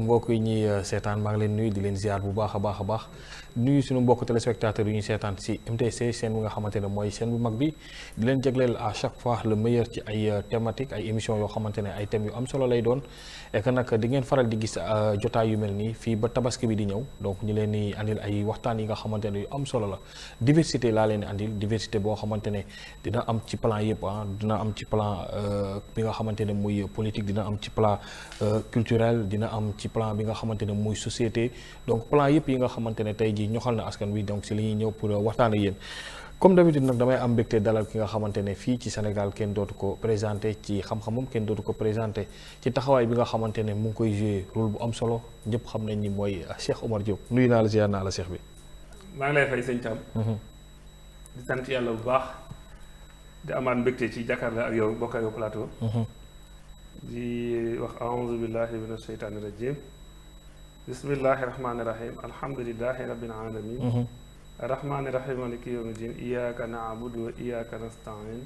mbokk yi ñuy euh, seetaan maa ngi leen nuyu di leen ziar bu baax a baax a baax nuyu suñu mbokk téléspectateurs yu ñuy seetaan ci MTC seen bi nga xamante mooy seen bu mag bi di leen jagleel à chaque fois le meilleur ci ay euh, thématique ay émissions yoo xamante ay thèmes yu am solo euh, bi di ñëw donc ñu leen di andil yi nga xamante ne yu am solo la diversité laa leen di andil diversité boo xamante ne dina am ci plan yëpp ah, am ci plan bi nga xamante ne muy politique dina am ci plan culturel dina am ci ci plan bi nga xamante ne muy société donc plan yëpp yi nga xamante ne tey ñoxal na askan wi donc si la ñëw pour euh, waxtaan ak yéen comme d'habitude nag damay am bi nga ne mu ngi koy joué rôle bu am solo ñëpp xam nañ ni mooy euh, Cheikh Omar Diop nuyu naa la ziar bi. maa ngi lay fay sëñ Thiam. Mm-hmm. di sant yàlla bu baax di amaat mbégte ci jàkkaarloo ak yow bokk yow plateau. Mm-hmm. wax aoudu billahi min asheytaani rajim bismillahi rahmaani rahim alhamdulilahi rabbil alamin arrahmaani mm-hmm. rahim maliki yawmi din iyyaka na'budu wa iyyaka nasta'in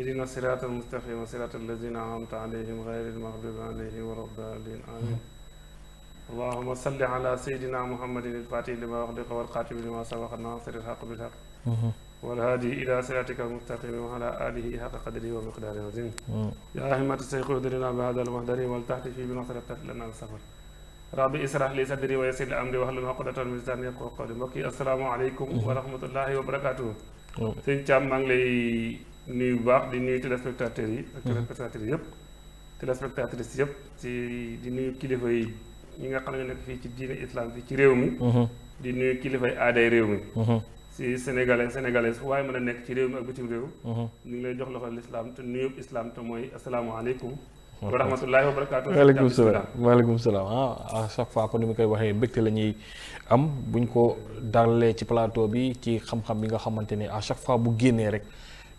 ihdina sirata almustaqima sirata allazina an'amta alayhim ghayril maghdubi alayhim wa laddallin amin mm-hmm. allahuma salli ala sayidina muhammadin il fatihi lima wax liqa walxaatimi lima sabaqa nasiril haq bil haq mm-hmm. والهادي إلى صراطك المستقيم وعلى آله حق قدره ومقداره العظيم يا أحمد الشيخ اهدنا بهذا المهدر والتحت في بنصر التحت لنا السفر ربي اسرح لي صدري ويسر لي أمري واحلل عقدة من لساني يفقهوا قولي mbokk yi asalaamaaleykum wa rahmatullahi wa barakaatuh hmm. sëñ Thiam maa ngi lay nuyu bu baax di nuyu téléspectateurs yi ak téléspectateurs hmm. yëpp téléspectatrices yëpp ci di nuyu kilifa yi ñi nga xam ne nekk fii ci diine islam fii ci réew mi hmm. di nuyu kilifay aaday réew mi ci sénégalais sénégalais fu waaye mën a nekk ci réew mi ak bitim réew mhm. ñu ngi lay jox loxo lislaam te nuyub islaam te mooy asalaamaaleykum wa rahmatullahi wa barakatuh waaleykum salaam waaleykum salaam ah à chaque fois ko ni mu koy waxee mbégte la ñuy am buñ ko daralee ci palaato bi ci xam-xam bi nga xamante ni à chaque fois bu génnee rek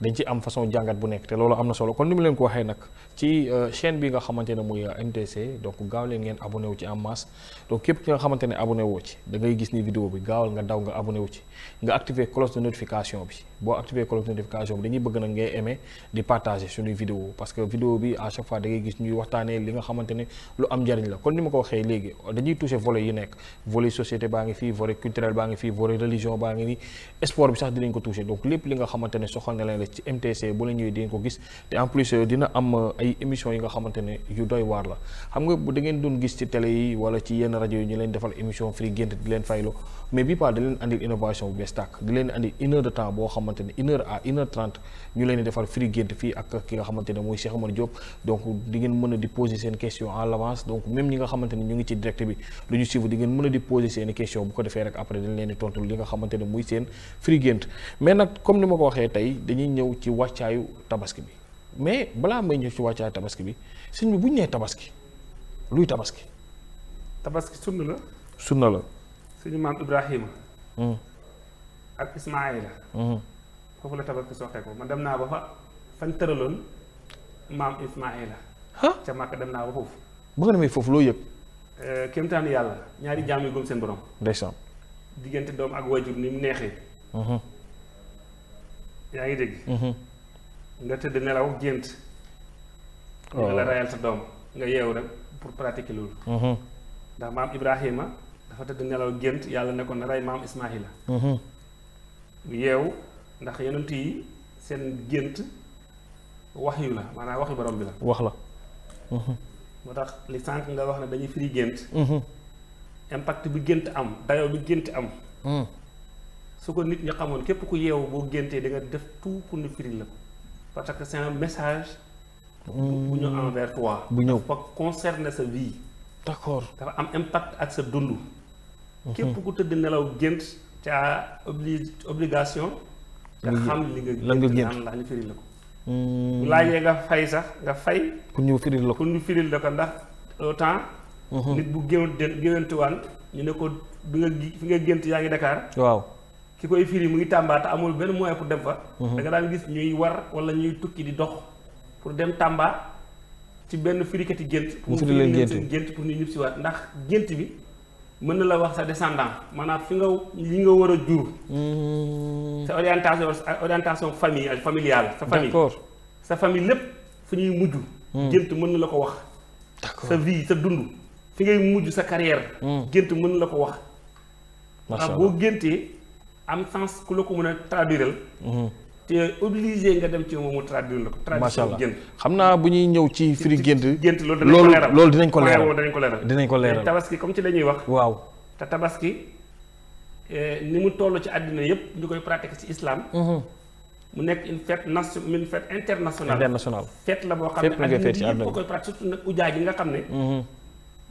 dañ ci am façon jàngat bu nekk te loolu am na solo kon ni mu leen ko waxee nag ci euh, nga xamante ne muy MTC euh, donc gaaw ngeen abonné wu ci en masse donc képp ki nga xamante ne abonné woo da ngay gis ni vidéo bi gaawal nga daw nga wu ci nga activer cloche de bi boo activer cloche de notification bi bëgg nag ngay aimé di partager suñuy vidéo parce que vidéo bi à chaque fois da gis ñuy waxtaanee li nga xamante ne lu am njariñ la kon ni ma ko waxee léegi dañuy touché volet yi nekk volet société baa ngi fii volet culturel baa ngi fii volet religion baa ngi nii sport bi sax dinañ ko touché donc lépp li nga xamante ne soxal na leen ci MTC bu la ñëwee di nga ko gis te en plus euh, dina am euh, ay émissions yi nga xamante ne yu doy waar la xam nga bu da ngeen doon gis ci télé yi wala ci yenn rajo ñu leen defal émission free gént di leen faylo mais bi pas da leen andil innovation bu bees tàkk di leen andi une de temps boo xamante ne une heure à ñu leen di defal free gént fii ak ki nga xamante a di poser seen question en avance muy seen free gént mais nag comme ni ma ko waxee tey dañuy ñëw ci wàccaayu tabaski bi mais balaa may ñëw ci wàccaayu tabaski bi sëñ bi bu ñu nee tabaski luy tabaski. tabaski sunna la. sunna la. suñu maam Ibrahima. Hmm. ak Ismaayila. Hmm. foofu la tabaski soxee ko man dem naa ba fa fan tëraloon maam Ismaayila. ca Màkka dem naa ba foofu. ba nga demee foofu loo yëg. Eh, kéemtaanu yàlla ñaari jaam yu gëm seen borom. ndeysaan. diggante doom ak wajur ni mu neexee. Hmm. yaa ngi dégg. Mhm. nga tëdd nelaw gént. waaw la rayal sa doom nga yeewu rek pour pratiquer loolu. Mhm. ndax maam Ibrahima dafa tëdd nelaw gént yàlla ne ko na rey maam Ismaahila. Mhm. yeewu ndax yonent yi seen gént wax yu la maanaam waxi borom bi la. wax la. moo tax li sànq nga wax ne dañuy firi gént. impact bi gént am dayoo bi gént am. su ko nit ñu xamoon képp ku yeewu boo géntee da def tout pour ñu firi la ko parce que c'est message. bu ñu hmm. envers toi. bu ñëw dafa concerner sa vie. d'accord dafa am impact ak sa dund. Mhm. képp ku tëdd nelaw gént ca obli obligation. nga xam li nga. lan nga gént am la ko. Hmm. bu laajee nga fay sax nga fay. ku ñëw firil la ko pour ñu firil la ko ndax au temps. Mhm. nit bu géwéntuwaan ñu ne ko bi nga fi nga gént yaa ngi Dakar. waaw. ki koy firi mu ngi Tamba amul benn moyen pour dem fa. Mhm. da nga daan gis ñuy war wala ñuy tukki di dox pour dem Tamba ci benn firikati gént. mu firi leen gént pour gént pour ñu ñëpp si waat ndax gént bi mën na la wax sa descendant maanaam fi nga li nga war a jur. Mhm. sa orientation orientation famille familiale. sa famille sa famille lépp fu ñuy mujj. Mhm. gént mën na la ko wax. sa vie sa dund fi ngay mujj sa carrière. gént mën na la ko wax. macha boo géntee. am sens ku la ko mën a traduiral mhm. te obligé nga dem ci moom mu traduire la ko. macha allah gént xam naa bu ñuy ñëw ci firi gént. gént loolu loolu dinañ ko leeral dinañ ko leeral. dinañ ko leeral tabaski comme ci la wax. waaw te tabaski eh, ni mu toll ci àddina yëpp ñu koy pratiquer ci islam. Mhm. mu nekk une fête nation une fête internationale. internationale fête la boo xam ne àddina yëpp koy pratiquer surtout nag ujaa ji nga xam ne. Mhm.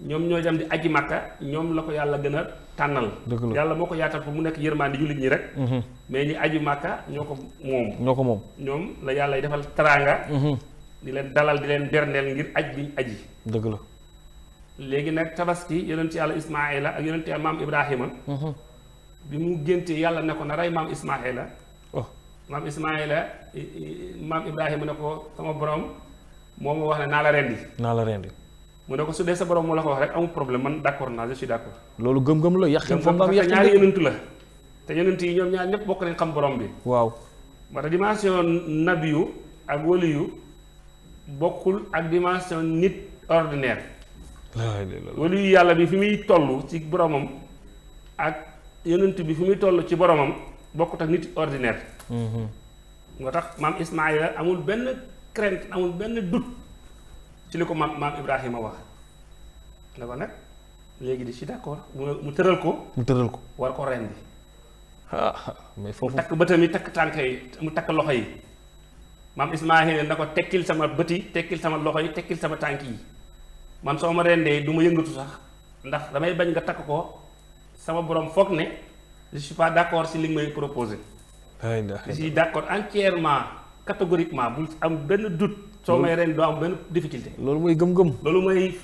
ñoom ñoo dem di aji màkka ñoom la ko yàlla gën a tànnal yàlla moo ko yaatal fa mu nekk yërmaande jullit ñi rek mhm. mais ñi aji màkka ñoo ko moom ñoo ko moom ñoom la yàlla defal taraanga mhm. di leen dalal di leen berndeel ngir aj bi aji dëgg la léegi nag tabaski yonent yàlla ismaila ak yonent yàlla maam ibrahima mhm. bi mu géntee yàlla ne ko na rey maam ismaila oh. maam ismaila maam ibrahima ne ko sama borom moo ma wax ne naa la rendi naa la rendi mu ne ko su dee sa borom moo la ko wax rek amul problème man d' accord naa je suis loolu gëm-gëm la yàqin foofu am yàqin ñaari yonent la te yonent yi ñoom ñaar ñëpp bokk nañ xam borom bi. waaw moo tax dimension nabiyu ak waliyu bokkul ak dimension nit ordinaire. waliyu yàlla bi fi muy toll ci boromam ak yonent bi fi muy toll ci boromam bokkut ak nit ordinaire. Mhm. moo tax maam Ismaayla amul benn crainte amul benn doute. ci li ko maam maam Ibrahima wax ne ko nag léegi di si d'accord mu tëral ko. mu tëral ko war ko rendi. ah mais foofu mu takk bëtam yi takk tànk yi mu takk loxo yi maam Ismaahila na ko tekkil sama bët yi tekkil sama loxo yi tekkil sama tànk yi man soo ma rendee du ma yëngatu sax ndax damay bañ nga takk ko sama borom foog ne je suis pas d'accord si li may proposé. je suis d'accord entièrement catégoriquement bul am benn doute. soo may ren doo am benn difficulté. loolu mooy gëm-gëm. loolu mooy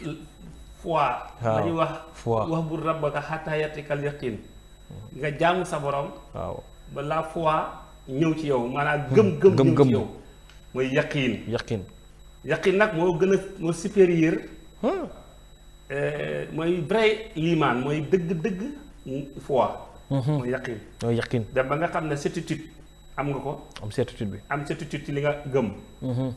foi. waaw wax. foi wax bu rabbaka xataa yatikal yaqin nga jaamu sa borom. waaw ba la ñëw ci yow maanaam. gëm-gëm gëm ci yow. mooy yaqin. yaqin yaqin nag moo gën a moo supérieur. Eh, mooy vrai liimaan mooy dëgg-dëgg foi. Mm-hmm. mooy dem ba nga xam ne certitude am nga ko. am certitude bi am certitude ci li nga gëm. Mm-hmm.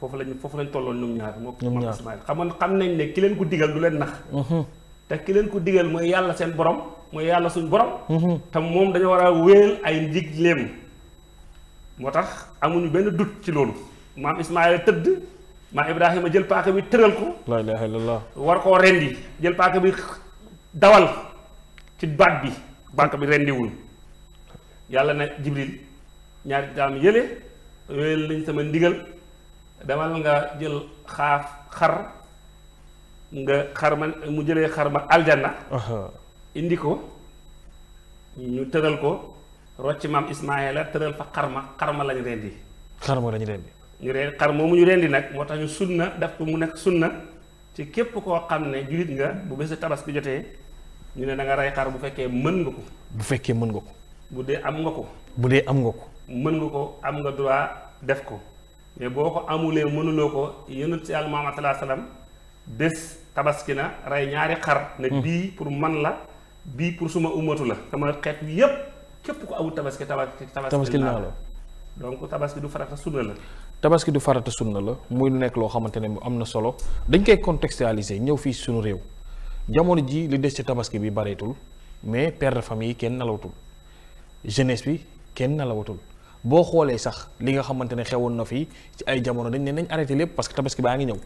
foofu lañ foofu lañ tolloon ñoom ñaar moo ko maam Ismaïl xam xam nañ ne ki leen ko digal du leen nax mhm. te ki leen ko digal mooy yàlla seen borom mooy yàlla suñ borom mhm. te moom dañoo war a wéyal ay ndigleem moo tax amuñu benn dut ci loolu maam Ismaïl tëdd maam Ibrahima jël paaka bi tëral ko la ilaha illallah war koo rendi jël paaka bi dawal ci baat bi paaka bi rendiwul yàlla na Jibril ñaari jaam yële wéyal nañ sama ndigal demal nga jël xaaf xar nga xar ma mu jëlee xar ma aljanna indi ko ñu tëral ko rocc maam Ismaayila tëral fa xar ma xar ma lañu rendi xar ma lañu rendi ñu reen xar moomu ñu rendi nag moo tax ñu na def ko mu nekk na ci képp koo xam ne jullit nga bu tabas tabaski jotee ñu ne da nga rey xar bu fekkee mën nga ko bu fekkee mën nga ko bu dee am nga ko bu dee am nga ko mën nga ko am nga droit def ko mais boo ko amulee mënuloo ko yonent si yàlla Muhammad sallallahu alayhi wasallam bés tabaski na rey ñaari xar ne hmm. bii pour man la bii pour suma umatu la sama xeet bi yépp képp ko amul tabaski tabaski tabaski naa la donc tabaski du farata sunna la tabaski du farata sunna la muy lu nekk loo xamante ne mu am na solo dañ koy contextualiser ñëw fii suñu réew jamono ji li des ci tabaski bi bareetul mais per de famille yi kenn nalawatul jeunesse bi kenn nalawatul boo xoolee sax li nga xamante ne xewoon na fii ci ay jamono dañ ne nañ arrêté lépp parce que tabaski baa ngi ñëw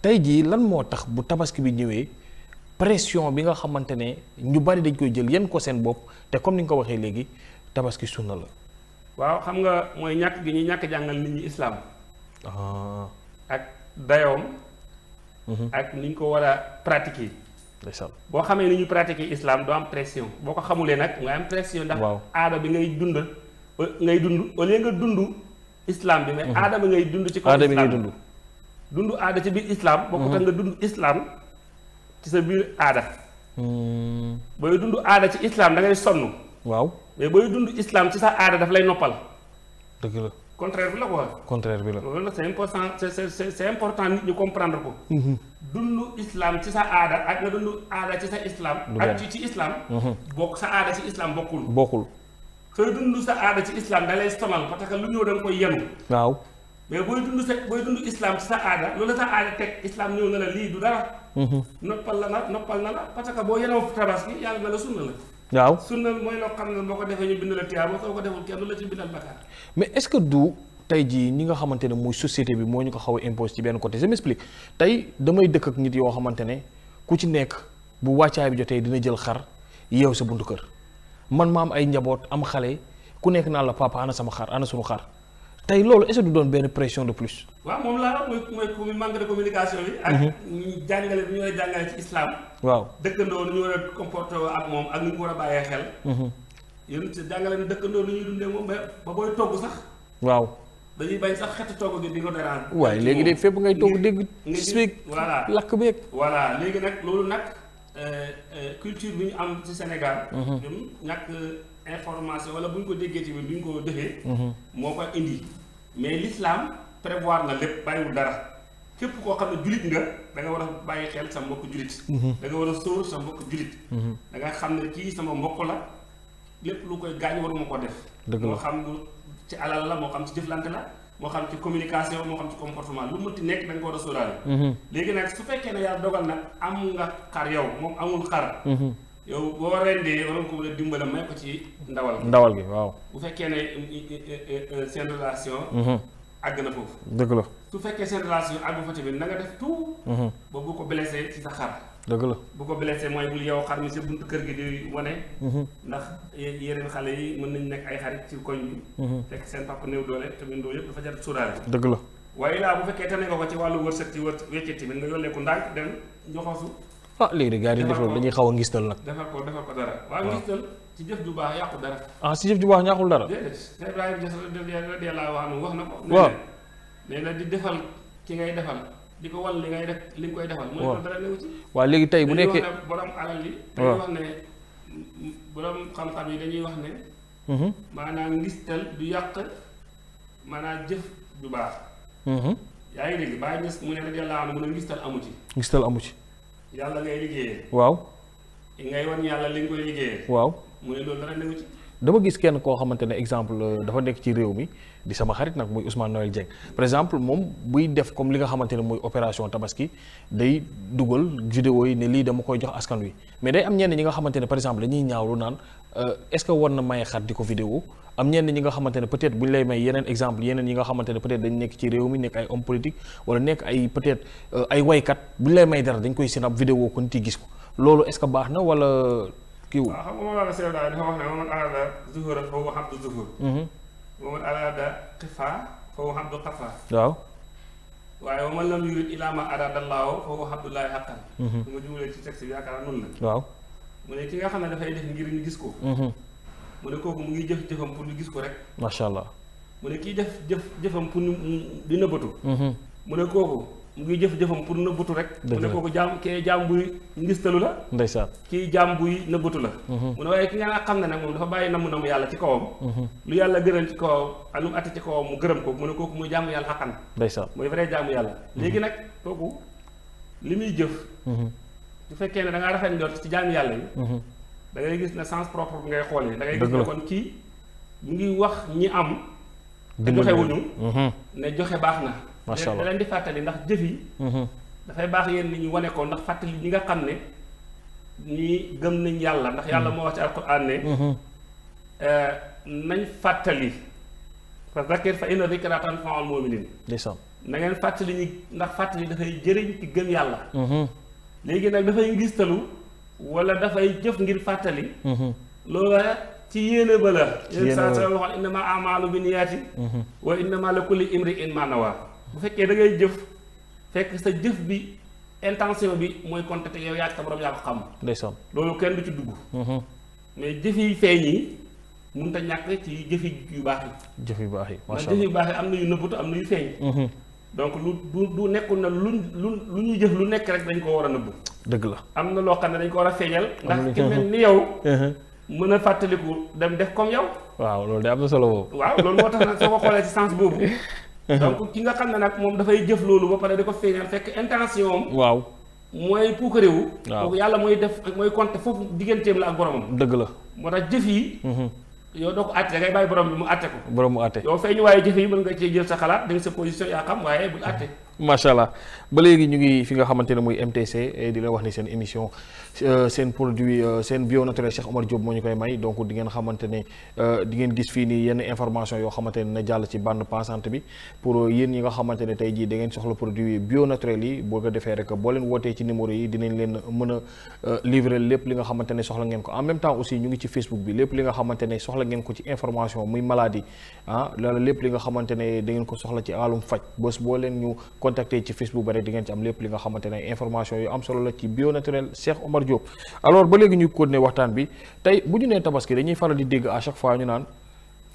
tey jii lan moo tax bu tabaski bi ñëwee pression bi nga xamante ne ñu bari dañ koy jël yenn ko seen bopp te comme ni nga ko waxee léegi tabaski sunna la. waaw xam nga mooy ñàkk gi ñuy ñàkk jàngal nit ñi islaam. Ah. ak dayoom. Mhm. ak ni ñu ko war a pratique pratiquer. boo xamee ni ñu pratiquer islaam doo am pression boo ko xamulee nag nga am pression. ndax aada bi ngay dund. ngay dund au lieu nga dund islam bi mais mhm. aada ma ngay dund ci kaw aada bi ngay dund dund aada ci biir islam bokkut ak mhm. nga dund islaam ci sa biir aada hmm. booy dund aada ci islam da ngay sonn waaw mais booy dund islam ci sa aada daf lay noppal dëgg la contraire bi la quoi contraire bi la important c'est ñu comprendre ko mhm. dund islam ci sa aada ak nga dund aada ci sa islaam ak ci ci bokk sa aada ci bokkul bokkul sooy dund sa aada ci islam da lay sonal que lu ñëw da nga koy yenu waaw mais booy dund sa booy dund islam ci sa aada loolu la sa aada teg islam ñëw na la lii du dara. Mhm. noppal la na noppal na la parce que boo yenoo tabaski yàlla na la sunna la. waaw sunna mooy loo xam na moo ko defee ñu bind la tiyaaba soo ko deful kenn la ci bindal bakkaar. mais est-ce que du tey jii ñi nga xamante ne muy société bi moo ñu ko xaw a impose ci benn côté je m'explique tey damay dëkk ak nit yoo xamante ne ku ci nekk bu wàccaay bi jotee dina jël xar yeew sa buntu kër. man maam ay njaboot am xale ku nekk naan la papa ana sama xar ana sunu xar tey loolu est-ce que doon benn pression de plus. waaw moom laa wax mooy mooy de bi. ak mhm. jàngale bi ñu war a jàngale waaw dëkkandoo nu ñu a moom ak nu a bàyyee xel. Mhm. yéen ci jàngale dëkkandoo nu ñuy dundee moom ba booy togg sax. waaw. dañuy bañ sax xeetu togg gi di ko dérange. waaye léegi de fépp ngay togg dégg. nga voilà lakk beeg. voilà léegi nag loolu nag. Euh, euh, culture bi ñu am ci Sénégal. Mhm. ñun ñàkk information wala bu ñu ko déggee tamit bu ñu ko defee. Mhm. moo koy indi mais l'islam prévoir na lépp bàyyiwul dara. képp koo xam ne julit nga da nga war a bàyyi xel sa mbokk julit mhm. danga nga war sa mbokk julit da nga xam ne ci sama mbokk la lépp lu koy gaañ waruma ko def moo xam ci alal la moo xam ci jëflante la moo xam ci communication moo xam ci comportement lu mënti nekk da ko war a sóoraale mhm. léegi nag su fekkee ne yàlla dogal nag am nga xar yow moom amul xar mhm. yow boo rendee waroon ko mën a dimbale may ko ci ndawal ndawal bi waaw bu fekkee ne seen relation mhm. àgg na foofu dëgg la su fekkee seen relation àggu fa tamit na def tout ba bu ko blessé ci sa xar dëgg la bu ko blessé mooy bul yow xar mi sa buntu kër gi di wane. ndax yeneen xale yi mën nañ nekk ay xarit ci koñ fekk seen papa néew doole te ñun loolu yëpp dafa jar sóoraale. dëgg la waaye laa bu fekkee te nga ko ci wàllu wërsëg ci wër wéccet tamit nga yónnee ko ndànk dem joxosu. ah léegi de gars yi def loolu dañuy xaw a ngistal nag. defal ko defal ko dara. waaw ngistal ci jëf ju baax yàqu dara. ah si jëf ju baax ñaaxul dara. déedéet Seydou Ibrahima Dias radiyallaahu anhu wax na ko. waaw nee na di defal ki di ko wal li ngay def li nga koy defal. mu ne dara newu ci. waaw léegi tey bu nekkee dañuy wax ne borom alal yi. dañuy wax ne borom xam-xam yi dañuy wax ne. Mhm. maanaam ngistal du yàq maanaam jëf du baax. Mhm. yaa ngi dégg bàyyi mu ne radiyallaahu anhu mu ne ngistal amu ci. ngistal amu ci. yàlla ngay liggéeyee. waaw. ngay wan yàlla li nga koy waaw mu ne loolu dara newu ci. dama gis kenn koo xamante ne exemple euh, dafa nekk ci réew mi. di sama xarit nag muy Ousmane Noël Dieng par exemple moom buy def comme li nga xamante muy opération tabaski day dugal vidéo yi ne lii dama koy jox askan wi mais day am ñenn ñi nga xamante par exemple dañuy ñaawlu naan euh, est-ce lay may yeneen exemple yeneen yi nga xamante ne peut dañ nekk ci réew mi nekk ay homme politique wala nekk ay peut-être euh, ay waykat bu lay may dara dañ koy sinab vidéo ko nit yi gis ko loolu est baax na wala wa man araada xifaa fa huwa abdu xafaa waaw waaye wa man lam yurid ilaa ma araada allaahu fa huwa abdullaahi xaqan mhm. su ma jumlee ci texte bi yaakaar noonu la waaw mu ne ki nga xam ne dafay def ngir ñu gis ko mhm. mu ne kooku mu ngi jëf jëfam pour lu gis ko rek macha allah mu ne kii jëf jëf jëfam pour ñu di nëbbatu mhm. mu ne kooku mu ngi jëf-jëfam pour nëbbatu rek mu ne kooku jaam kee jaam la ndeysaan kii jaam buy nëbbatu la mhm. mu ne waaye ki nga xam ne nag moom dafa bàyyi namu namu yàlla ci kawam mhm. lu yàlla gënal ci kawam ak lu mu atte ci kawam mu gërëm ko mu ne kooku muy jaamu yàlla xaqan ndeysaan muy vrai jaamu yàlla mhm. léegi nag kooku li muy jëf su fekkee ne da ngaa rafet njort ci jaamu yàlla yi da ngay gis ne sens propre bi ngay xoolee da ngay gis ne kon kii mu ngi wax ñi am di joxewuñu ne joxe baax na macha allah leen di fàttali ndax jëf yi. Mhm. dafay baax yéen nit ñi wane ndax fàttali ñi nga xam ne ñi gëm nañ yàlla ndax yàlla mhm. moo wax ci alquran ne. Mhm. Euh, nañ fàttali. fa zakir fa inna zikra tanfa'ul mu'minin. na ngeen fàttali ñi ndax fàttali dafay jëriñ ci gëm yàlla. léegi nag dafay ngistalu wala dafay jëf ngir fàttali. bi niyaati. wa innama la kulli imri in ma nawa bu fekkee da ngay jëf fekk sa jëf bi intention bi mooy compter te yow yaa sa borom yaa ko xam. ndeysaan loolu kenn du ci dugg. Mm-hmm. mais jëf yi feeñ yi mënut a ñàkk ci yu baax yi. yu baax yi macha allah yu baax am na yu nëbbatu am na yu feeñ. Mm-hmm. lu du du nekkul na lu lu lu ñu jëf lu nekk rek dañ ko war a nëbbu. dëgg la am na loo xam ne dañ ko war a feeñal. ndax ki mel ni yow. Mm-hmm. mën a fàttaliku dem waaw loolu de am na solo boobu. waaw loolu moo tax nag soo ko xoolee ci sens boobu. donc ki nga xam ne nag moom dafay jëf loolu ba pare di ko feeñal fekk intention waaw mooy puukarewu waaw yàlla mooy def mooy compter foofu digganteem la ak boromam dëgg la moo tax jëf yi mhm. yow doo ko àtte da ngay bàyyi borom bi mu àtte ko borom mu àtte yow feeñu waaye jëf yi mën nga cee jël sa xalaat da nga sa position yaa xam waaye bul àtte macha allah ba léegi ñu ngi fi nga xamante ne muy MTC eh, di leen wax ni seen émission euh, seen produit euh, seen bio naturel Cheikh Omar moo ñu koy may donc di ngeen xamante euh, di ngeen gis fii nii yenn information yoo xamante ne na jàll ci bande passante bi pour yéen ne tey jii da ngeen soxla produit bio naturel yi boo ko defee rek boo leen wootee ci numéro yi leen mën a livrer lépp li nga xamante ne soxla ngeen ko en même temps aussi ñu ngi ci Facebook bi lépp li nga xamante ne soxla ngeen ko ci information muy maladie ah lépp li nga xamante ne da ngeen ko soxla ci wàllum faj bés boo leen ñu contacter ci Facebook bi pare di ngeen ci am lépp li nga xamante ne information yu am solo la ci bio naturel Cheikh Omar Diop alors ba léegi ñu continuer waxtaan bi tey bu ñu nee tabaski dañuy faral di dégg à chaque fois ñu naan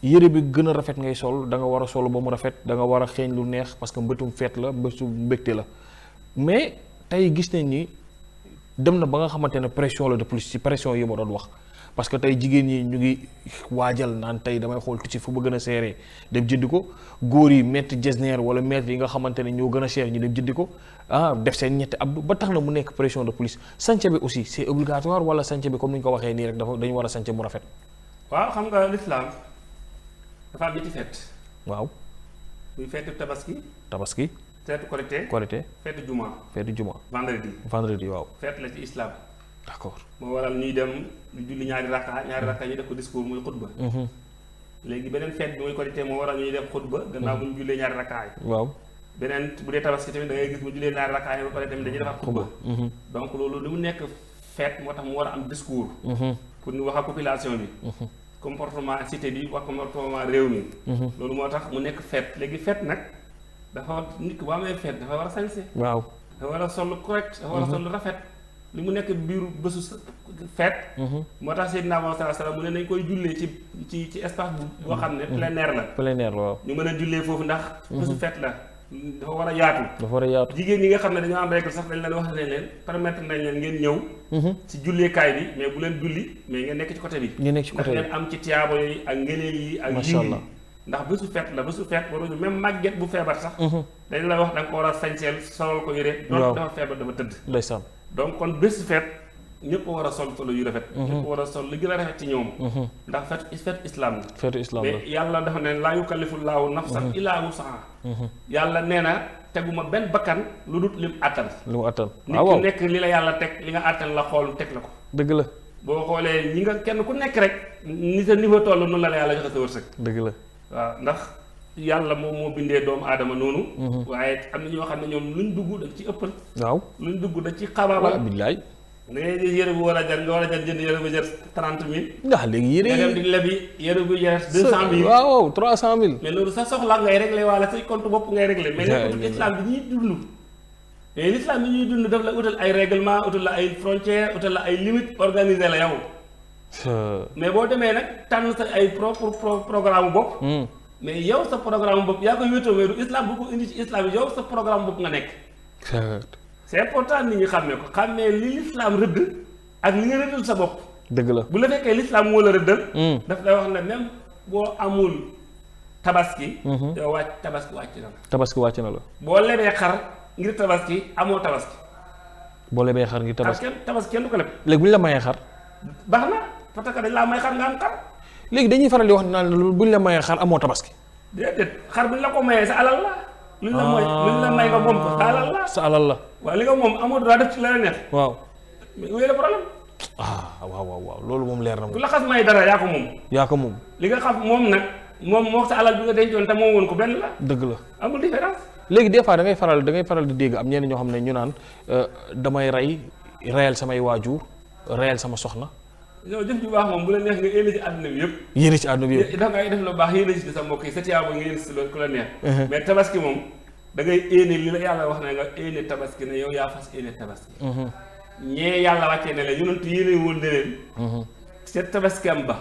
yére bi gën a rafet ngay sol da nga war a solo ba mu rafet danga war a xeeñ lu neex parce que mbëtum feet la mbëtu mbégte la mais tey gis nañ ni dem na ba nga xamante ne pression la de plus ci pression yi ma doon wax parce que tey jigéen ñi ñu ngi waajal naan tey damay xool tuuti fu ma gën a seeree dem jëndi ko góor yi mètre jesner wala mètre yi nga xamante ne ñoo gën a seer ñu dem jëndi ko ah def seen ñetti abdu ba tax na mu nekk pression de police santé bi aussi c'est obligatoire wala santé bi comme ni ñu ko waxee nii rek dafa dañu war a santé mu rafet. waaw xam nga l'islam dafa am ñetti fête. waaw. muy fête tabaski. tabaski. fête korité. korité. fête juma. fête juma. vendredi. vendredi waaw. fête la ci islam. d'accord moo waral ñuy dem lu julli ñaari rakka ñaari rakka ñu def ko discours muy xutba mhm. léegi beneen fête bi muy korité moo waral ñuy def xutba gannaaw bu jullee ñaari rakka yi da ngay gis mu jullee ñaari rakka yi ba pare tamit dañuy defaat xutba mhm. donc loolu li mu nekk fête moo tax mu war a am discours mhm. pour ñu wax ak population bi comportement cité bi wax comportement réew mi loolu moo tax mu nekk fête léegi fête nag dafa nit ki bu amee dafa war a sañse waaw dafa war a sol a li mu nekk biiru bésu feet mhm. moo tax Seydina naa sallallahu alayhi wasallam mu koy jullee ci ci ci espace boo xam ne mhm. plein air la plein air waaw ñu mën a jullee foofu ndax mhm. bésu feet la dafa war a yaatu dafa war jigéen ñi nga xam ne dañoo am règle sax dañ leen wax ne leen permettre nañ leen ngeen ñëw ci bi mais bu leen julli mais ngeen nekk ci côté nekk ci côté bi ndax ngeen am ci tiyaabo yi ak ngëneel yi ak yiw yi ndax la même màgget bu feebar sax dañ la wax da nga ko war a sañseel solol ko yére doon dafa feebar dafa tëdd donc kon bés feet ñëpp war a sol solo yu rafet. Mhm. ñëpp war a sol li gën a rafet ci ñoom. Mhm. ndax feet feet islam la. feetu islam la yàlla dafa ne laa yukallifu laahu nafsan mhm. illaa wusaha. yàlla nee na teguma benn bakkan lu dut lim attan. li mu attan nit ah, ku nekk li la yàlla teg li nga attan la xool teg la ko. dëgg la. boo xoolee ñi nga kenn ku nekk rek. ni sa niveau toll noonu la la yàlla joxe sa wërsëg. dëgg la waaw ndax. yàlla moom moo bindee doomu aadama noonu. Mhm. waaye am na ñoo xam ne ñoom luñ dugg da ci ëppal. waaw luñ dugg da ci xabaabal. billaay da ngay jël yére bu war a jar nga war a jar jënd yére bu jar trente mille. ndax léegi yëre yi nga dem di jar waaw waaw trois cent mille. mais loolu sa soxla ngay réglé la say compte bopp ngay réglé. mais nekkul islam bi ñuy dund. mais l'islam bi ñuy dund daf la utal ay règlement utal la ay frontières utal la ay limites organisé la yow. mais boo demee nag tànn sa ay propre programme bopp. Hmm. mais yow sa programme bopp yaa koy wéetoo mais du islam bu ko indi ci islam yow sa programme bopp nga nekk. c'est important nit ñi xàmmee ko xàmmee li l'islam rëdd ak li nga rëddal sa bopp. dëgg la bu la fekkee l'islam moo la rëddal. Hmm. daf lay wax ne même boo amul tabaski. Hmm. yow wàcc tabaski wàcc na la. tabaski wàcc na boo lebee xar ngir tabaski amoo tabaski. boo lebee xar ngir tabaski. tabaski kenn ko leb. léegi bu ñu la mayee xar. baax na parce laa may xar nga am xar. léegi dañuy faral di wax naan buñ la mayee xar amoo tabaski. déedéet xar buñ la ko mayee sa alal la. luñ la la may nga moom ko sa alal la. loolu moom leer na moom. ku la xas may yaa ko moom. yaa ko moom. li nga xam moom nag moom moo sa alal bi nga dencoon te moo woon ko benn la. dëgg la amul différence. léegi des fois da ngay faral dangay faral di dégg am ñenn ñoo xam ne ñu naan euh, damay rey reyal samay waajur reyal sama soxna yow jëf ju baax moom bu la neex nga yéene ci àdduna bi yëpp yéene ci àdduna bi yëpp daf def lu baax yéene ci sa mbokk yi sa nga yéene si loolu ku la neex uh-huh. mais tabaski moom da ngay yéene li la yàlla wax na nga yéene tabaski ne yow yaa tabaski uh-huh. ñee yàlla wàccee ne la yonent yéene woon ne leen uh-huh. ca tabaski ba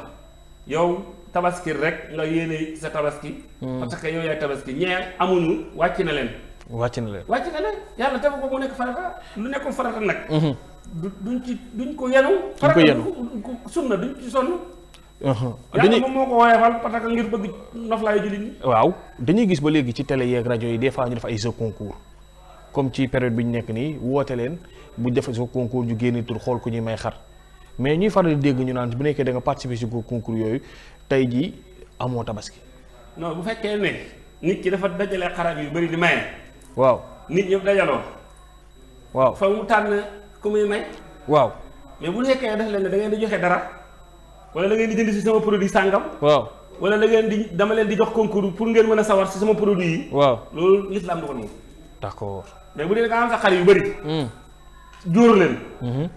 yow tabaski rek nga yéene sa tabaski parce que yow yaay tabaski ñee amuñu wàcc na leen wàcc na leen wàcc na yàlla dafa ko mu nekk farata lu nekkoon farata nag duñ ci duñ ko yenu duñ ko yenu sunna duñ ci sonn uh-huh. dañuy moom moo ko woyefal parce que ngir bëgg noflaayu jullit ñi waaw dañuy gis ba léegi ci télé yeeg rajo yi des fois ñu def ay jeux concours comme ci période bi ñu nekk nii woote leen bu ñu defee concours ñu génne tur xool ku ñuy may xar mais ñuy faral di dégg ñu naan bu nekkee da nga participer si concours yooyu tey jii amoo tabaski non bu fekkee ne nit ci dafa dajale xaram yu bëri di maye waaw nit ñëpp dajaloo waaw ku muy may. waaw mais bu nekkee def leen ne da ngeen di joxe dara wala da ngeen di jënd si sama produit sàngam. waaw wala da ngeen di dama leen di jox concours pour ngeen mën a sawar si sama produit yi. waaw loolu lislaam du ko nangu. d'accord mais bu dee am sa xale yu bëri. jóor hmm. leen. Hmm.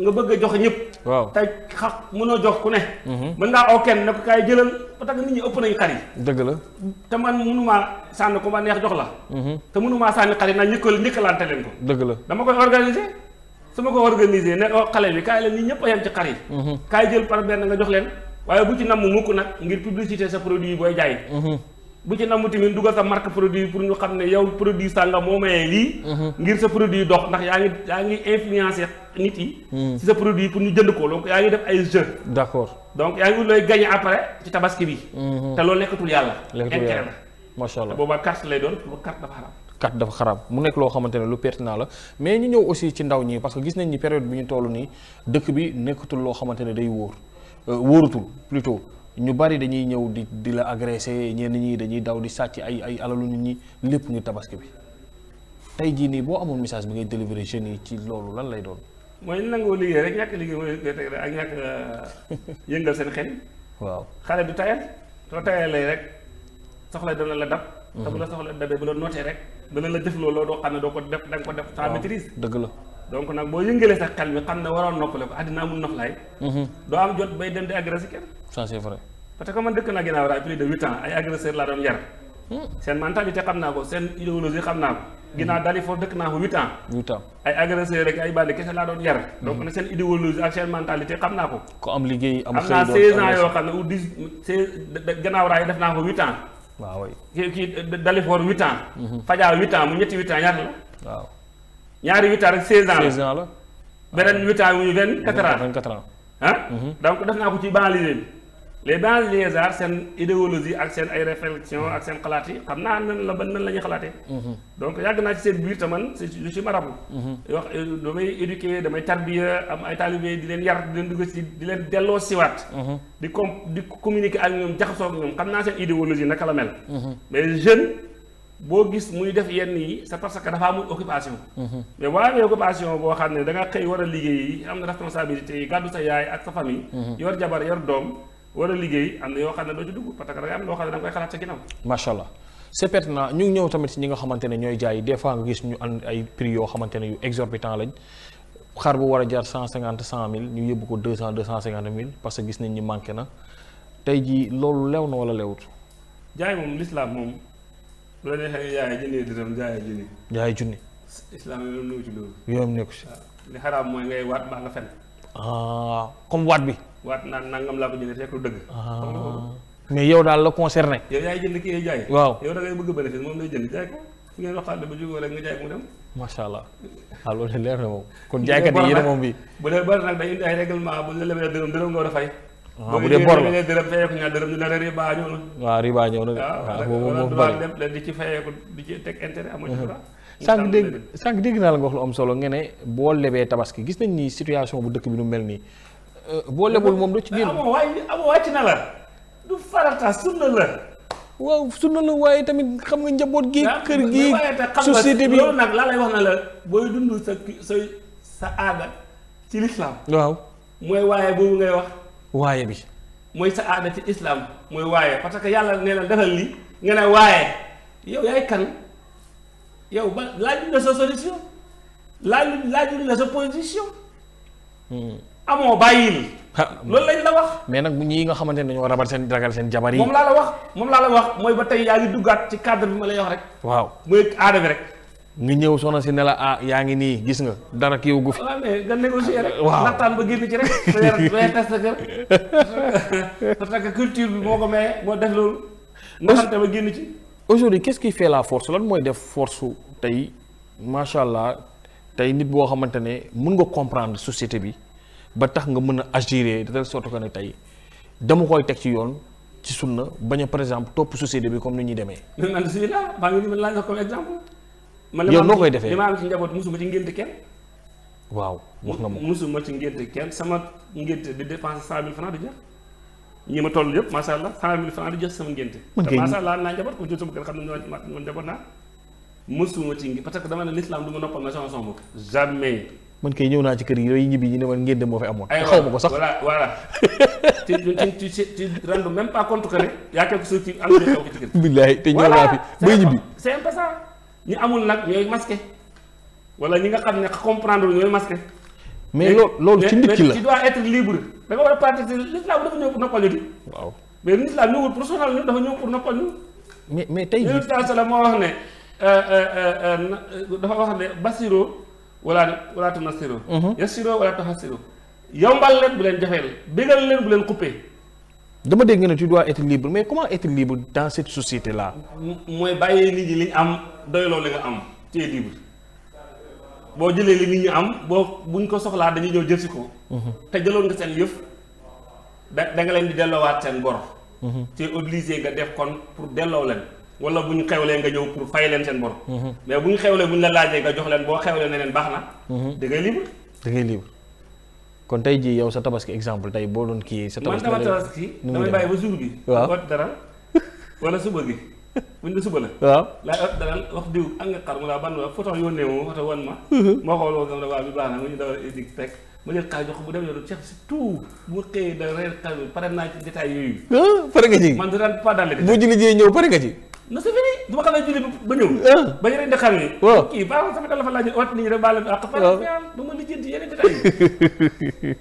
nga bëgg a jox ñëpp. waaw te xa mënoo jox ku ne. Hmm. mën ngaa oo kenn ne ko kaay jëlal parce que nit ñi ëpp nañ xar yi. dëgg la te man mënumaa sànni ko ma neex jox la. te mënumaa sànni xar yi nag ñëkkal ñëkkalante leen ko. dëgg la dama koy organiser. su ma ko organisé ne xale bi kaay la nii ñëpp a yem ci xar yi. Mhm. kaay jël par benn nga jox leen. waaye bu ci namm mukk nag ngir publicité sa produit yi booy jaay. Mhm. bu ci namm tamit dugal sa marque produit pour ñu xam ne yow produit sànga moo mayee lii. Mhm. ngir sa produit dox ndax yaa ngi yaa ngi influencer nit yi. si sa produit pour ñu jënd ko donc yaa ngi def ay jeu. d'accord donc yaa ngi looy gagné après ci tabaski bi. te loolu nekkatul yàlla. nekkatul yàlla macha allah boobaa carte lay doon pour carte dafa xaram. carte dafa xaraab mu nekk loo xamante ne lu pertinent la mais ñu ñëw aussi ci ndaw ñi parce que gis nañ ni période bi ñu toll nii dëkk bi nekkatul loo xamante ne day wóor euh, wóorutul plutôt ñu bari dañuy ñëw di di la agressé ñenn ñi dañuy daw di sàcc ay ay alalu nit ñi lépp ngir tabaski bi tey jii nii boo amoon message bi ngay délivrer jeunes yi ci loolu lan lay doon. mooy nangoo liggéey rek ñàkk liggéey mooy ak ñàkk euh, yëngal seen xel. waaw xale bi tayal soo tayal lay rek soxla dana la la mm-hmm. soxla la nootee rek. dana la jëf loolu doo xam ne doo ko def da nga ko def sans maîtrise dëgg la donc nag boo yëngalee sa xel mi xam ne waroon noppale ko àddina amul noflaay mhm. doo am jot bay dem di agressé kenn ça c'est vrai parce que man hmm. xam naa ko seen naa ko ginnaaw hmm. daal foofu dëkk naa ko huit ans huit ans ay agresseur rek ay bandi kese laa doon yar hmm. donc nag seen idéologie ak seen mentalité xam naa ko ku am liggéey am naa seize yoo xam ne ou dix seize gannaaw raay def naa ko huit waaw kii kii Dalifor huit ans. Mhm. Fadja huit ans mu ñetti huit ans ñaata waaw ñaari huit ans rek seize ans la beneen huit ans mu ñu vingt quatre ans vingt quatre ans. ah mhm. donc def naa ko ci banlieue bi. les benn les seen idéologie ak seen ay réflexion ak seen xalaat xam naa nan la ba nan la ñuy xalaatee. Mhm. donc yàgg naa ci seen biir te man je suis mhm. euh, damay éduquer damay tarbiya am ay talibé di leen yar di leen dugg si di leen delloo siwaat. Mhm. di com di communiquer ak ñoom jaxasoo ak ñoom xam naa seen idéologie naka la mel. mais jeune boo gis muy def yenn yi c'est parce que dafa amul occupation. mais boo amee occupation boo xam ne da nga xëy war a liggéey am na responsabilité yi gàddu sa yaay ak war a liggéey am na yoo xam ne doo ci dugg parce que da nga am loo xam ne da nga koy xalaat sa ginnaaw. macha allah c'est pertinent ñu ngi ñëw tamit si ñi nga xamante ne ñooy jaay des fois nga gis ñu ànd ay prix yoo xamante ne yu exorbitant lañ xar bu war a jar cent cinquante cent mille ñu yóbbu ko deux cent deux cent cinquante mille parce que gis nañ ni manqué na tey jii loolu lew na wala lewut. jaay moom lislaam moom loolu la ñuy jaayee junni dërëm jaayee junni. jaayee junni. islam yi loolu ñëw ci loolu. yoonam nekku si. li xaraam mooy ngay waat mbaa nga fen. ah comme waat bi. waat naan nangam laa ko dëgg. Ah. yow daal la concerné. yow jënd kii yow jaay. waaw yow bëgg ba jógee rek nga jaay ko mu dem. macha allah ah loolu de leer na moom. kon yi yéen bi bu dee bor nag day indi ay règlement bu ñu la lebee dërëm dërëm nga a fay. waaw ah, bu dee bor la dërëm fayeeku ñaar dërëm ñu ah, ci fayeeku di ci teg intérêt amul mm-hmm. sànq dégg sànq dégg naa la nga wax lu am solo nga ne boo lebee tabaski gis nañ nii situation bu dëkk bi nu mel nii boo euh, lebul moom du ci génn. amoo waay amoo wàcc na la. du farata sunna la. waaw sunna la waaye tamit xam nga njaboot gi. Ah, kër gi société bi loolu nag laa lay wax na la booy dund sa sa sa aada ci lislaam waaw mooy waaye boobu ngay wax. waaye bi. mooy sa aada ci islaam mooy waaye parce que yàlla nee na defal li nga ne waaye yow yaay kan yow ba laaj la sa solution laa laaj la sa position. Hmm. amoo bàyyil. loolu lañ la wax. mais nag ñi nga xamante ne dañoo rabar seen ragal seen jabar yi. moom laa la wax moom laa la wax mooy ba tey yaa ngi duggaat ci cadre bi ma lay wax rek. waaw mooy aada bi rek. nga ñëw soxna si ne la ah yaa ngi nii gis nga dara kiw wu gu fi. waaw mais ba génn ci rek. sa yaram tas que culture bi moo ko maye moo def loolu. naxante ba génn ci. aujourd'hui qu'est-ce qui fait la force lan mooy def force tey macha allah tey nit boo xamante ne mën nga comprendre société bi. ba tax nga mën a agir de telle sorte que ne tey dama koy teg ci yoon ci sunna bañ a par exemple topp société bi comme ni ñuy demee. loolu maa ngi leen laaj la comme exemple. yow noo koy defee li ma am ci njaboot musuma ci ngénte kenn. waaw wax nga ma musuma ci ngénte sama ngénte di dépenser cent mille francs di jeex. ma toll yëpp macha allah cent mille francs di jeex sama ngénte. te macha allah am naa njaboot comme ci sama kër xam ne man njaboot naa. musuma que dama ne l'islam du noppal ma sama sama jamais. man kay ñëw naa ci kër yi yooyu ñibbi yi ne man ngeen dem moo fi amoon. ay xaw ma ko sax voilà voilà. ci ñibbi. c'est important ñu amul nag ñooy masqué wala ñi nga xam ne comprendre ñooy masqué. mais loolu ci nit la mais tu dois libre. da nga war a participer l'islam dafa ñëw pour noppal ñu. waaw mais l'islam ñëwul pour sonal ñu dafa ñëw pour noppal ñu. mais mais tey moo wax ne euh, euh, euh, dafa wax ne Basiro. wala wala tunasiru mhm. yasiru wala tuhasiru yombal leen bu leen jafeel bégal leen bu leen coupé dama dégg nga ne tu dois être libre mais comment être libre dans cette société là mooy bàyyi nit ñi li am doyloo li nga am tu es boo jëlee li nit ñi am boo buñ ko soxlaa dañuy ñëw jël si ko mhm. te jëloon nga seen yëf da da nga leen di delloowaat seen bor mhm. tu es nga def kon pour delloo leen wala bu ñu xew xewlee nga ñëw pour fay leen seen bor. Mhm. mais bu ñu xewlee bu ñu la laajee nga jox leen boo xewlee ne leen baax na. Mhm. da ngay da ngay libre kon tey jii yow sa tabaski exemple tey boo kii sa tabaski man tabaski damay bàyyi ba jour bi. waaw ot dara wala suba gi la suba la. waaw laay ot dara wax diw ak nga xar laa ban ma photo mhm. yónnee ma moo xool woo gam ne waa bi baax na mu ñu dawal édic rek ma jël xaar bu dem yoonu ceeb surtout bu ma xëyee da reer xar bi pare naa ci détail yooyu. Ah, pare nga ci man du daan pas dalle. bu julli jee ñëw pare ci. na c'est fini du ma xamee julli ba ñëw. Ah. ba ñu leen di xamee. waaw kii baaxul sama dafa laaj wat nit ñi rek baal ak fa ba ma lijjanti yeneen détail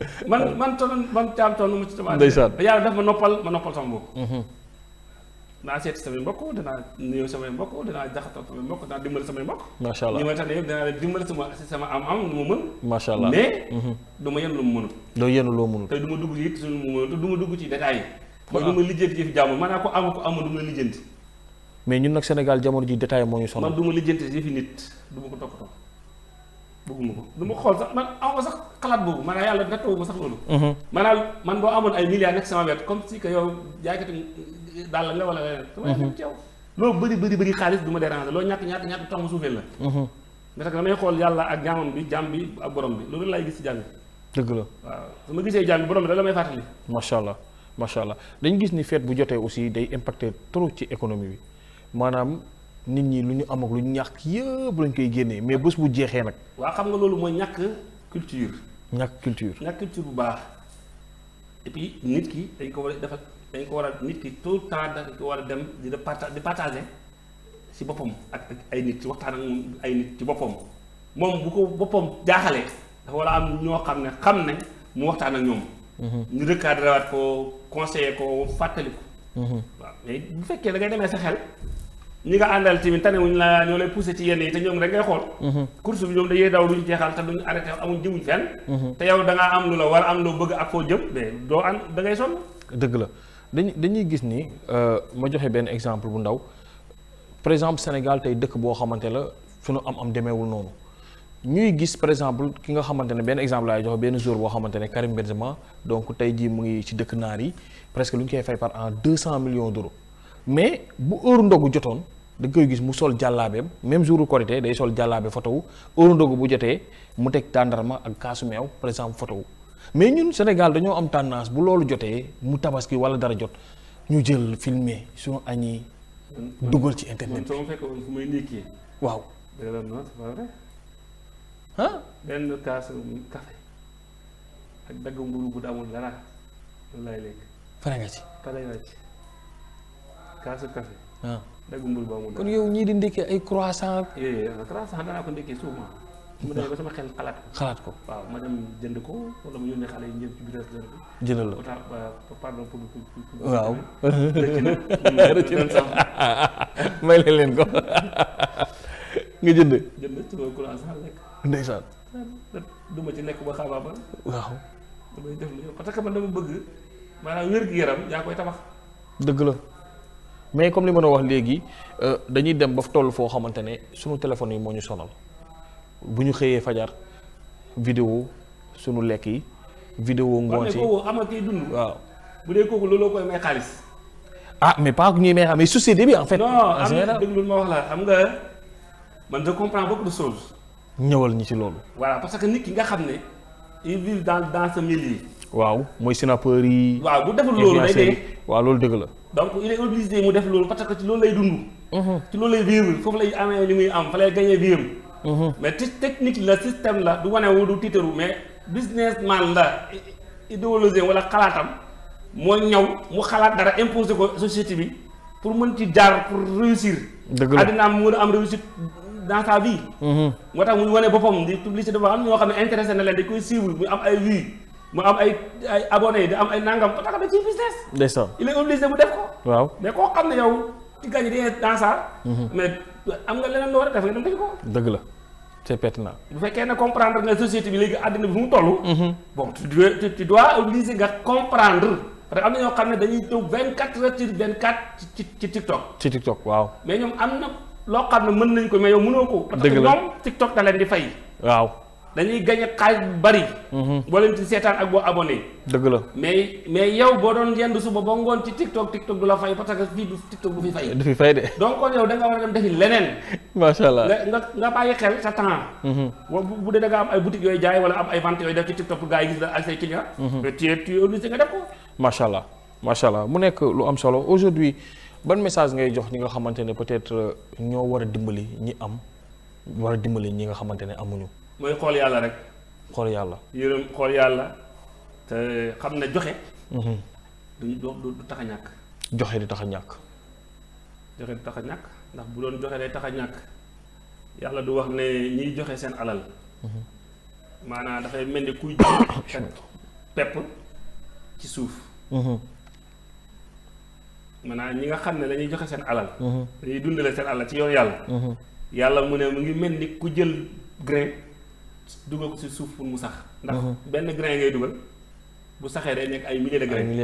man man toon man caam toon ma noppal ma noppal sama bopp. Mhm. naa seeti samay mbokk danaa nuyoo samay mbokk danaa jaxatoo samay mbokk danaa dimbali samay mbokk. macha allah ñi lu ma mhm. doo yenn loo mënul. du ma ma dugg ci détail yi. waaw ma ko am ko amul du lijjanti mais ñun nag Sénégal jamono ji détail moo ñu soxla. man du ma lijjanti yëfi nit du ma ko toppatoo bëgguma ko du ma xool sax man aw sax xalaat boobu maanaam yàlla nattoo ma sax loolu. Mhm. maanaam man boo amoon ay milliards nekk sama wet comme si que yow jaaykati daal la wala leneen. sama mhm. yàlla ci yow loo bëri bëri bëri xaalis du ma déranger loo ñàkk ñàkk ñàkk tax ma suufeel la. parce mhm. que damay xool yàlla ak jaamam bi jaam bi ak borom bi loolu laay gis ci jaam bi. dëgg la waaw su ma gisee jaam borom bi da la may fàttali. macha allah macha allah dañu gis ni fête bu jotee aussi day impacter trop ci économie bi maanaam nit ñi lu ñu am ak lu ñu ñàkk yëpp lañ koy génnee mais bés bu jeexee nag. waa xam nga loolu mooy ñàkk culture. ñàkk culture ñàkk culture bu baax et puis nit ki dañ ko war a dafa dañ ko war a nit tout le temps dañ war a dem di parta di partager ci boppam ak ay nit ci waxtaan ak moom ay nit ci boppam moom bu ko boppam jaaxalee ndax war a am ñoo xam ne xam ne mu waxtaan ak ñoom. Mhm. ñu recadré waat ko conseiller ko fàttali waaw mais bu fekkee da ngay demee sa xel ñi nga àndal tamit tanewuñ la ñoo lay poussé ci yenn yi te ñoom rek ngay xool mhm. course bi ñoom dañuy daw duñ jeexal te duñ arrêté amuñ jëmuñ fenn mhm. te yow da ngaa am lu la war am loo bëgg ak foo jëm mais doo ànd da ngay sonn dëgg la dañuy dañuy gis ni euh, ma joxe benn exemple bu ndaw par exemple Sénégal tey dëkk boo xamante la nu am am demeewul noonu ñuy gis par exemple ki nga xamante ne benn exemple laay joxe benn jour boo xamante ne Karim Benzema donc tey jii mu ngi ci dëkk naar yi presque lu ñu koy fay par an deux cent millions d'euros mais bu heure ndogu jotoon da koy gis mu sol jàllaabeem même jour korité day sol jàllaabe photo wu heure bu jotee mu teg tàndarma ak kaasu meew par exemple photo mais ñun Sénégal dañoo am tendance bu loolu jotee mu tabaski wala dara jot ñu jël filmer suñu añi dugal ci internet bi waaw ah benn kaas café ak dagg mburu bu amul dara loolu laay lekk. pare nga ci pare nga ci kaasu café. kon yow ñii di ndékkee ay croissant. croissant danaa ko ndékkee souvent. su ma demee ba xel xalaat ko. xalaat ko waaw ma dem jënd ko wala mu yónnee xale yi ñëw ci biir restaurant bi. jëlal la pardon pour pour. waaw. rëcc na may leen ko nga jënd. ndeysaan. du ma ci lekk ba xaabaabal. waaw. damay def lu parce que man dama bëgg maanaam wér yaram yaa koy dëgg la mais comme li ma léegi euh, dañuy dem ba toll foo xamante ne sunu téléphone yi moo ñu sonal ñu xëyee fajar vidéo sunu lekk yi. vidéo ngoon si waaw xam nga kii dund. Ah, mais pas ñuy xam mais société am lu ma wax la xam nga man je comprends beaucoup de choses. ñëwal ñi ci loolu. voilà parce que nit ki nga xam ne il vit dans dans ce milieu. waaw mooy sinapeur yi. waaw bu deful loolu day dee waaw loolu dëgg la. donc il est obligé mu def loolu parce que ci loolu lay dund. Mhm. ci loolu lay vivre foofu lay amee li muy am fa lay gagné vivre. Mhm. mais te technique la système la du wane wu du tiitaru mais businessman la idéologie wala xalaatam moo ñëw mu xalaat dara imposer ko société bi pour mën ci jaar pour réussir. dëgg la àddina am a dans vie. Mm-hmm. moo tax muy wane boppam di publicité dafa am ñoo xam ne da ciy business. ndeysaan il est obligé mu def ko. waaw mais koo xam ne yow ci gaañ di dans ça. Mm-hmm. mais am nga leneen loo war a def nga dem defi la. c'est pertinent bu fekkee ne comprendre nga société bi léegi àddina bi fu mu toll. Mm-hmm. bon tu dois tu dois obligé nga comprendre na ñoo xam ne dañuy tëw vingt quatre heures sur vingt quatre ci ci TikTok. ci TikTok waaw. mais ñoom am na loo xam ne mën nañ ko mais yow mënoo ko. dëgg la parce que ñoom TikTok da leen di fay. waaw dañuy gagné xaalis bu bari. Mhm. boo leen ci seetaan ak boo abonné. dëgg la mais mais yow boo doon yendu suba ba ngoon ci TikTok TikTok du la fay parce que fii du TikTok du fi fay. du fi fay de. donc kon yow da war a dem defi leneen. macha allah nga nga bàyyi xel sa temps. Mhm. wa bu bu dee da nga am ay boutique yooyu jaay wala am ay vente yooyu def ci TikTok gaa yi gis la ak say clients. te mhm. tu es tu es obligé macha allah macha lu am solo aujourd'hui ban message ngay jox ñi nga xamante ne peut-être euh, ñoo war a dimbali ñi am war a dimbali ñi nga xamante ne amuñu. mooy xool yàlla rek. xool yàlla. yërëm xool yàlla te xam ne joxe. Mhm. du du tax a ñàkk. joxe du tax a ñàkk. tax a ndax bu doon joxe day tax a ñàkk yàlla du wax ne ñiy joxe seen alal. Mhm. maanaam dafay mel ni kuy ji pepp ci suuf. Mhm. maanaam ñi nga xam ne dañuy joxe seen alal. Mhm. dañuy dundale seen alal ci yoon yàlla. Mhm. yàlla mu ne mu ngi mel ni ku jël grain dugal ko si suuf pour mu sax. ndax mhm. benn grain ngay dugal bu saxee day nekk ay milliers de grain. ay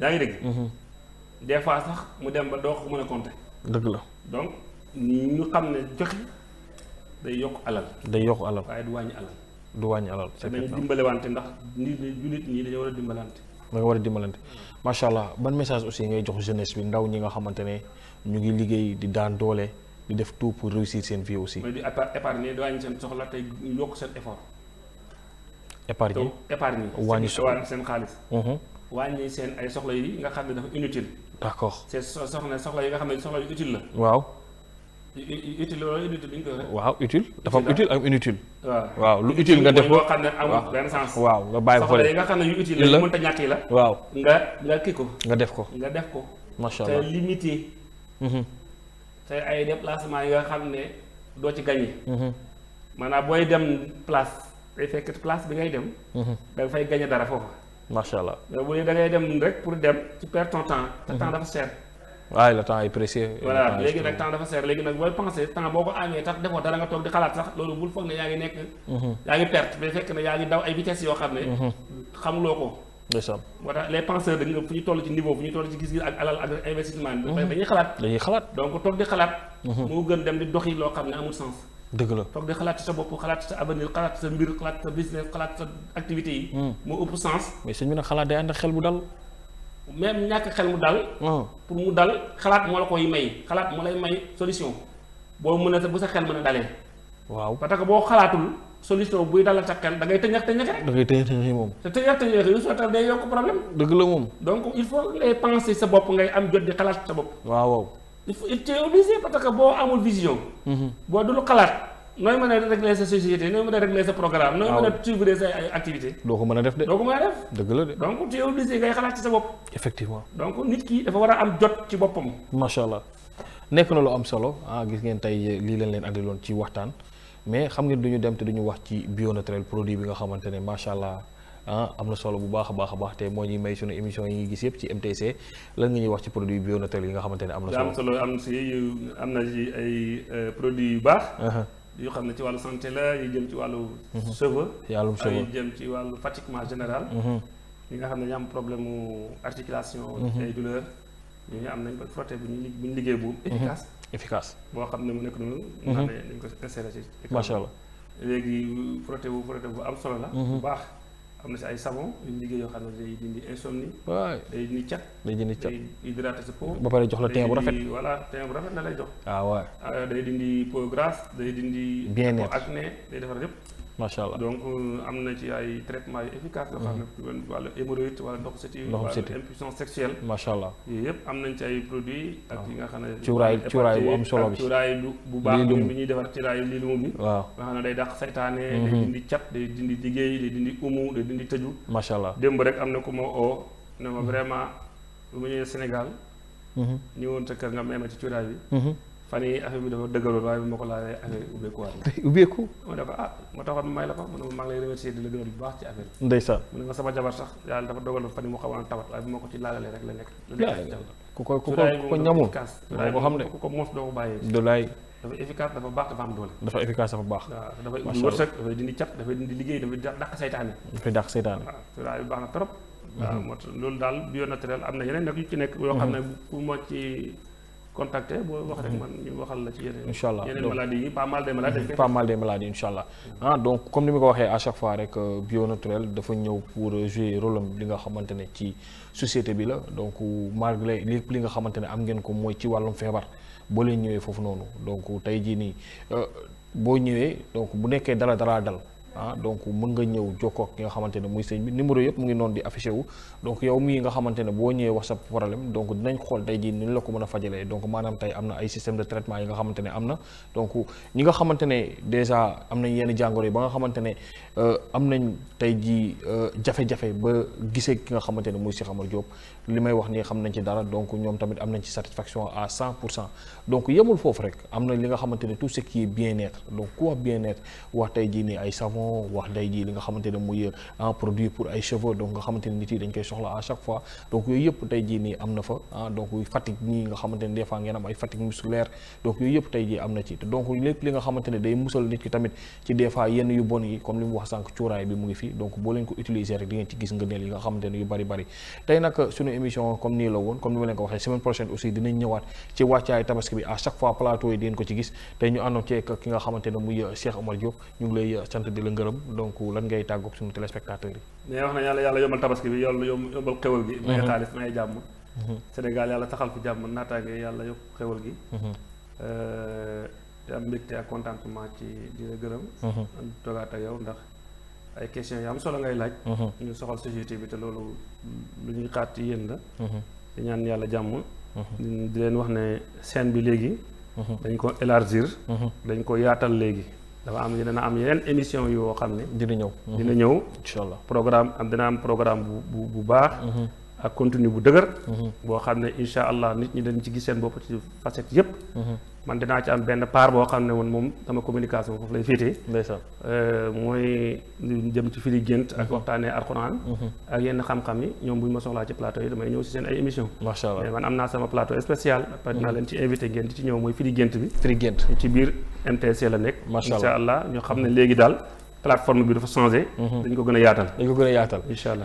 yaa ngi dégg. des fois sax mu dem ba doo ko mën a compter. dëgg la donc ñu xam ne joxe day yokk alal. day yokk alal waaye du wàññi alal. du wàññi alal. c'est dañu dimbalewante ndax nit ñi jullit ñi dañoo war a dimbalante. da war a dimbalante macha allah ban message aussi ngay jox jeunesse bi ndaw ñi nga xamante ne ñu ngi liggéey di daan doole di def tout pour réussir seen vie aussi. mais di épargner wàññi seen soxla tey yokk seen effort. épargner épargner wàññi seen xaalis. Mhm. wàññi seen ay soxla yi nga xam ne dafa inutile. d'accord c'est soxla yi nga xam ne soxla yu utile la. utile wala inutile bi ñu koy waxee. waaw utile dafa am utile am waaw lu utile nga def ko xam ne amul benn sens. waaw nga bàyyi ko nga xam ne yu utile la mënta ñàkk la. waaw nga nga kii ko. nga def ko nga def ko. macha allah te mm-hmm. te ay déplacement yi nga xam ne doo ci gagné. Mm-hmm. maanaam booy dem place day fekk place bi ngay dem. Mm-hmm. da nga fay gagné dara foofu. macha allah mais bu da ngay dem rek pour dem ci perdre ton te temps dafa cher. waaye le temps est précieux. voilà léegi nag temps dafa seer léegi nag booy pensé temps boo ko amee tax defoo dara nga toog di xalaat sax loolu bul foog ne yaa ngi nekk. Mhm. yaa ngi perte mais fekk na yaa ngi daw ay yoo xam ne. Mhm. xamuloo ko. ndeysaan moo tax les penseurs dañu fu ñu toll ci niveau fu ñu toll ci gis-gis ak alal ak investissement bi. Mhm. dañuy xalaat dañuy xalaat. donc toog di xalaat. moo gën dem di doxi loo xam ne amul sens. dëgg la foog di xalaat même ñàkk xel mu dal. pour mu dal xalaat moo la koy may xalaat moo lay may solution boo mën a bu sa xel mën a dalee. waaw parce que boo xalaatul solution buy dalal sa xel da ngay tëñax tëñax rek. da ngay tëñax tëñax moom. te tëñax tëñax yu soo tax day yokk problème. dëgg la moom. donc il faut ngay penser sa bopp ngay am jot di xalaat sa bopp. waaw waaw. il faut il est obligé parce que boo amul vision. Mhm. boo dul xalaat. nooy mën a régler sa société nooy mën a régler sa programme nooy mën a ah suivre sa ay activité doo ko mën a def de a def dëgg la de donc tu es ngay xalaat ci sa bopp effectivement donc nit ki dafa war a am jot ci boppam macha allah nekk na lu am solo ah, gis ngeen tey lii leen leen andiloon ci waxtaan mais xam ngeen duñu dem te duñu wax ci bio naturel produit bi nga xamante ne macha allah ah am na solo bu baax a baax a baax te moo ñuy may sunu émission yi ngi gis yëpp ci MTC lan nga ñuy wax ci produit bio naturel yi nga xamante ne am na solo am am si na ay euh, produits yu baax yu xam ne ci wàllu santé la yu jëm ci wàllu mhm. cheveux yu jëm ci wàllu fatiguement général ñi mhm. nga xam ne ñu am problème mu articulation mhm. ay douleur ñu ñu am nañ ba frotté bu ñu liggéey bu efficace efficace boo xam ne mu nekk noonu nga xam ne dañ ko inséré ci macha allah léegi frotté bu frotté bu am solo la bu baax am na si ay savon yuñ liggéey yoo xam ne day dindi insomnie. waay day dindi cat. day dindi cat day hydraté sa ba pare jox la teint bu rafet voilà teint bu rafet la lay jox. ah waay ah, day di peau grasse di dindi. bien-être acné day defar yëpp. macha allah donc euh, am na ci ay traitement yu efficace yoo xam ne mm. wàllu hémorroïde wala ndoxu siti wala impuissance sexuelle macha allah yooyu yëpp nañ ci ay produits ak ah. bu am bu baax bi ñuy defar cuuraayu lii lumu bi waaw nga xam ne day dàq saytaane mm-hmm. day dindi cat day dindi liggéey day dindi umu day dindi tëju macha allah démb rek am na ku ma o ne ma mm-hmm. vraiment bu ma ñëwee Sénégal mm-hmm. ñëwoon sa kër nga may ma ci cuuraay bi fan yi affaire bi dafa dëggaloon waaye bu ma ko laajee affaire yi ubbeekuwaat na. ubbeeku. ma ne ko ah ma taxoon may la ko ma ne ma maa ngi lay remercier di la gërëm bu baax ci affaire bi. ndeysaan mu ne ma sama jabar sax yàlla dafa dogaloon fan yi mu xawoon tawat waaye bu ma ko ci laalalee rek la nekk. ku ko ku ko ku ko ñamul. waaye boo xam ne ku ko mos doo ko bàyyee. du laay. dafa efficace dafa baax dafa am doole. dafa efficace dafa baax. waaw dafay ubbi wërsëg dafay dindi cat dafay dindi liggéey dafay dàq saytaane. dafay dàq saytaane. waaw cuuraay bi baax na trop. Mhm. waaw moo tax loolu daal bio naturel am na yeneen nag yu ci nekk. yoo xam mhm. ne bu ma ci contacter boo wax rek man ñu waxal la ci yeneen. incha allah yeneen maladies yi mal des maladies. Mhm. pas mal des maladies incha allah. ah donc comme ni ma ko waxee à chaque fois rek euh, bio naturel dafa ñëw pour euh, jouer rôle li nga xamante ne ci société bi la donc euh, malgré lépp li nga xamante ne am ngeen ko mooy ci wàllum feebar boo leen ñëwee foofu noonu donc tey jii nii boo ñëwee donc bu nekkee dara dara dal. ah donc mën nga ñëw jokkoo ak ki nga xamante ne muy sëñ bi numéro yëpp mu ngi noonu di affiché wu donc yow mii nga xamante ne boo ñëwee wax sa problème donc dinañ xool tey jii ni la ko mën a fajalee donc maanaam tey am na ay système de traitement yi ne am na donc ñi nga xamante ne déjà am nañ yenn jàngoro ba nga xamante ne euh, am nañ tey jii euh, jafe-jafe ba gisee ki nga xamante ne muy Cheikh Amar Diop li may wax nii xam nañ ci dara donc ñoom tamit am nañ ci satisfaction à 100 pour cent donc yemul foofu rek am na li nga xamante ne tout ce qui est bien-être donc ku wax bien-être wax tey jii nii ay savon wax tey jii li nga xamante ne pour ay cheveux donc nga xamante ne nit yi dañ koy soxla à chaque fois yëpp tey jii nii am na fa ah, ne des ngeen am ay fatigue musculaire donc yooyu yëpp tey jii am na ci donc lépp li nga xamante ne day musal nit ki tamit ci des yenn yu bon yi comme li mu wax sànq cuuraay bi mu ngi fi donc boo leen ko utiliser rek émission comme nii la woon comme ni ma leen ko waxee semaine prochaine aussi dinañ ñëwaat ci wàccaay tabaski bi à chaque fois plateau yi dinañ ko ci gis te ñu àndoon ci ki nga xamante ne muy euh, Cheikh Omar Diop ñu ngi lay euh, sant di la ngërëm donc lan ngay tàggoog suñu téléspectateurs yi. mais wax na yàlla yàlla yombal tabaski bi yàlla yombal xewal gi. Mhm. may xaalis may jàmm. Mhm. Sénégal yàlla saxal fi jàmm naataange yàlla yokk xewal gi. Mhm. Euh, am mbégte ak ak yow ay questions yu am solo ngay laaj. Mhm. ñu soxal société bi te loolu lu ñuy xaar ci la. Mhm. di ñaan yàlla jàmm. Mhm. di leen wax ne scène bi léegi. dañ ko élargir. dañ ko yaatal léegi. dafa am dina am yeneen émission yoo xam ne. dina ñëw dina ñëw. programme am dina am programme bu bu baax. ak contenu bu dëgër. Mhm. boo xam ne incha allah nit ñi dañ ci gis seen bopp ci facette yëpp. Mhm. man dinaa ci am benn part boo xam ne woon moom sama communication foofu lay féetee. ndeysaan euh, mooy jëm ci firi gént ak mhm. waxtaanee alxuraan. ak yenn xam-xam yi ñoom bu ñu ma soxlaa ci plateau yi damay ñëw si seen ay émission macha allah mais man am naa sama plateau spécial. après dinaa leen ci invité ngeen di ci ñëw mooy firi gént bi. firi gént ci biir MTC la nekk. macha allah incha allah ñu xam ne léegi daal. plateforme bi dafa changé. Mhm. dañ ko gën a yaatal. dañ ko gën a yaatal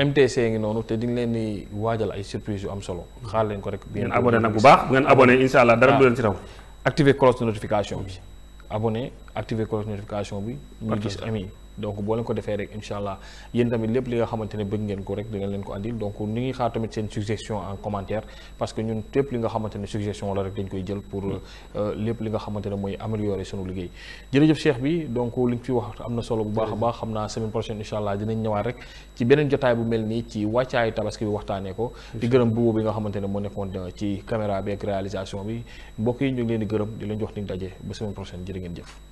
MTC ngi noonu te di di waajal ay surprise yu am solo xaar leen ko rek. bu ngeen abonné nag bu baax bu ngeen abonné incha allah dara du leen ci raw. Ah. activer cloche de notification bi abonné activer cloche notification bi. ñu gis ami donc boo leen ko defee rek incha allah yéen tamit lépp li nga xamante ne bëgg ngeen ko rek dina leen ko andil donc ni ngi xaar tamit seen suggestion en commentaire parce que ñun lépp li nga xamante ne suggestion la rek dañ koy jël pour euh, lépp li nga xamante ne mooy améliorer sunu liggéey jërëjëf Cheikh bi donc li nga fi wax am na solo bu baax a baax xam naa semaine prochaine incha allah dinañ ñëwaat rek ci beneen jotaay bu mel nii ci wàccaayu tabaski bi waxtaanee ko di gërëm buubu bi nga xamante ne moo nekkoon euh, ci caméra bi bi mbokk yi ñu ngi leen di di leen jox ni daje ngeen jëf